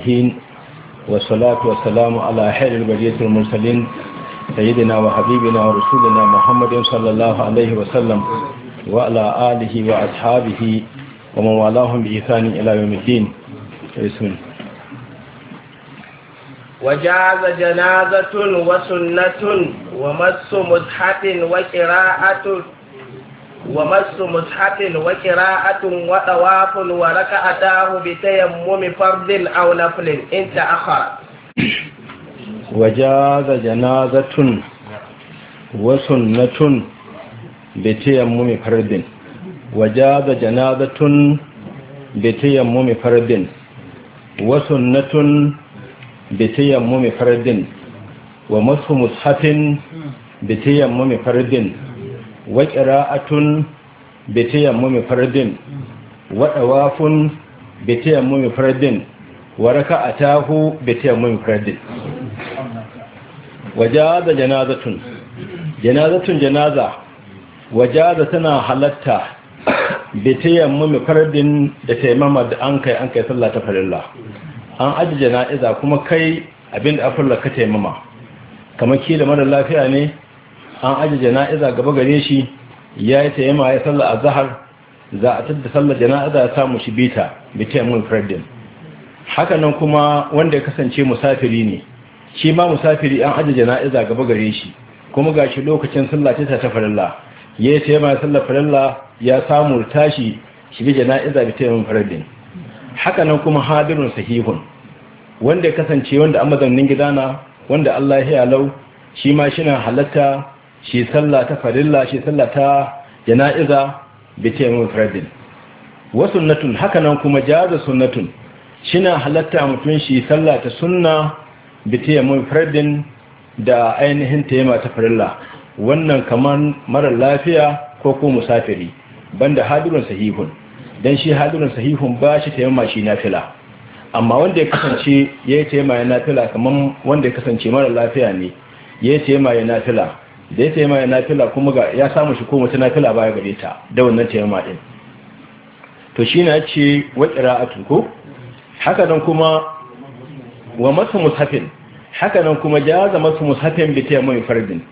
الصالحين والصلاة والسلام على خير البرية المرسلين سيدنا وحبيبنا ورسولنا محمد صلى الله عليه وسلم وعلى آله وأصحابه ومن والاهم بإحسان إلى يوم الدين بسم الله وجاز جنازة وسنة ومس مصحف وقراءة ومس مصحف وقراءة وطواف وركعتاه بتيمم فرض أو نفل إن تأخر وجاز جنازة وسنة بتيمم فرض وجاز جنازة بتيمم فرض وسنة بتيمم فرض ومس مصحف بتيمم فرض wa qira'atun bi tayammumi fardin wa dawafun bi tayammumi fardin wa raka'atahu bi tayammumi fardin wajaza janazatun janazatun janaza wajaza tana halatta bi tayammumi fardin da tayammama da an kai an kai sallah ta farilla an ajiye jana'iza kuma kai abinda afalla ka tayammama kamar ki da mara lafiya ne an aji jana'iza gaba gare shi ya yi tayyama ya a zahar za a tada salla jana'iza ya samu shi bita bitamin fardin haka nan kuma wanda ya kasance musafiri ne shi ma musafiri an aji jana'iza gaba gare shi kuma ga shi lokacin sallah ta ta farilla ya yi ta tayyama ya salla farilla ya samu tashi shi bi jana'iza bitamin fardin haka nan kuma hadirun sahihun wanda ya kasance wanda a mazaunin gidana wanda Allah ya lau shi ma shi na halatta shi sallah ta farilla shi sallah ta jana'iza bi taimun faradin wa sunnatun hakanan kuma jaza sunnatun shina halatta mutum shi sallah ta sunna bi taimun faradin da ainihin ta taima ta farilla wannan kaman mara lafiya ko ko musafiri banda hadirun sahihun dan shi hadirun sahihun ba shi taima shi nafila amma wanda ya kasance yayi ta nafila kaman wanda ya kasance mara lafiya ne ya yi taima nafila da ya taimaka fila kuma ga ya samu shi ko na fila baya gare ta da wannan taimaka din to shi na ce waƙira a ko haka nan kuma wa masu mushafin haka nan kuma za masu musafin bi taimaka farbin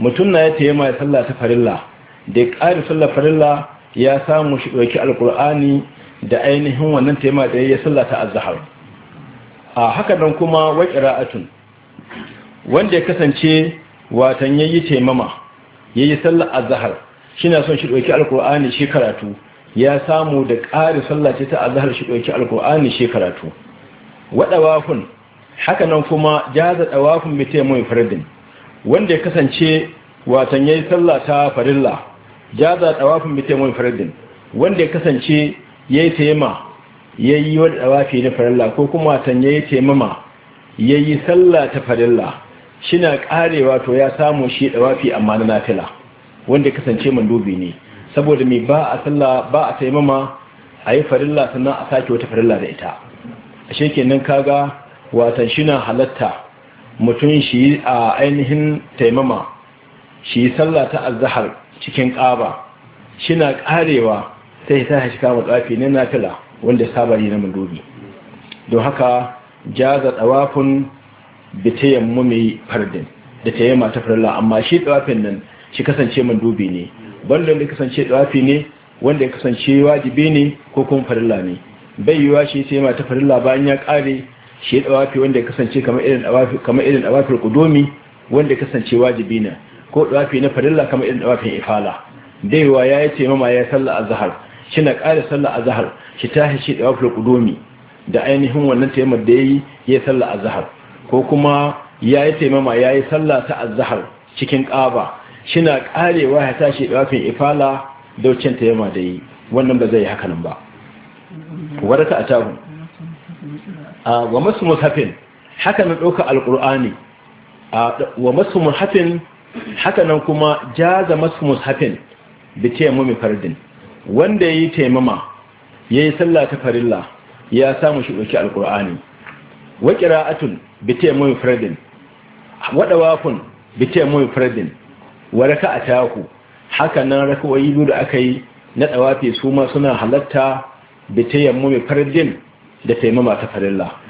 mutum na ya taimaka sallah ta farilla da ƙari sallah farilla ya samu shi ɗauki alƙul'ani da ainihin wannan taimaka da ya sallata azhar a haka nan kuma wa qira'atun wanda ya kasance watan ya yi taimama ya a sallar shi na son shi ɗauki alqur'ani shi karatu ya samu da ƙari sallah ce ta zahar shi ɗauki alqur'ani shi karatu Waɗa wafin haka nan kuma jaza wafin bi mai faridin wanda ya kasance watan ya yi sallah ta farilla jaza wafin bi mai faridin wanda ya kasance ya yi taima ya yi waɗa wafi na farilla ko kuma watan yi taimama ya yi sallah ta farilla shina karewa to ya samu shi wafi amma na nafila wanda kasance mandubi ne saboda mai ba a sallah ba a taimama a yi farilla sannan a sake wata farilla da ita a shekin nan kaga watan na halatta mutum shi a ainihin taimama shi yi sallah ta azahar cikin ƙaba shina karewa sai ta shi kama tsafi na nafila wanda saba na mandubi don haka jaza tsawafin da ta yamma mai fardin da ta yamma ta farla amma shi tsawafin nan shi kasance mandubi ne banda wanda kasance tsawafi ne wanda ya kasance wajibi ne ko kuma farla ne bai yiwa shi ta yamma ta farla bayan ya kare shi ya tsawafi wanda ya kasance kamar irin tsawafi kamar irin tsawafin kudomi wanda ya kasance wajibi ne ko tsawafi na farla kamar irin tsawafin ifala yiwa ya yi taimama ya sallah azhar shi na kare sallah azhar shi ta shi tsawafin kudomi da ainihin wannan taimar da ya yi ya sallah azhar ko kuma ya yi taimama ya yi sallah ta azahar cikin ƙaba shi na ƙarewa ya tashi ɗafin ifala da wucin taimama da yi wannan ba zai yi hakanan ba wadda ta a tabu wa masu mushafin haka na ɗauka alƙur'ani wa masu mushafin haka nan kuma jaza masu mushafin da mummi fardin wanda ya yi taimama ya yi sallah ta farilla ya samu shi ɗauki alƙur'ani wa qira'atun bi taymun fardin wa dawafun bi taymun fardin wa raka'atahu haka nan rak'o'i biyu da aka yi na dawafi su ma suna halatta bi tayammum fardin da taimama ta farilla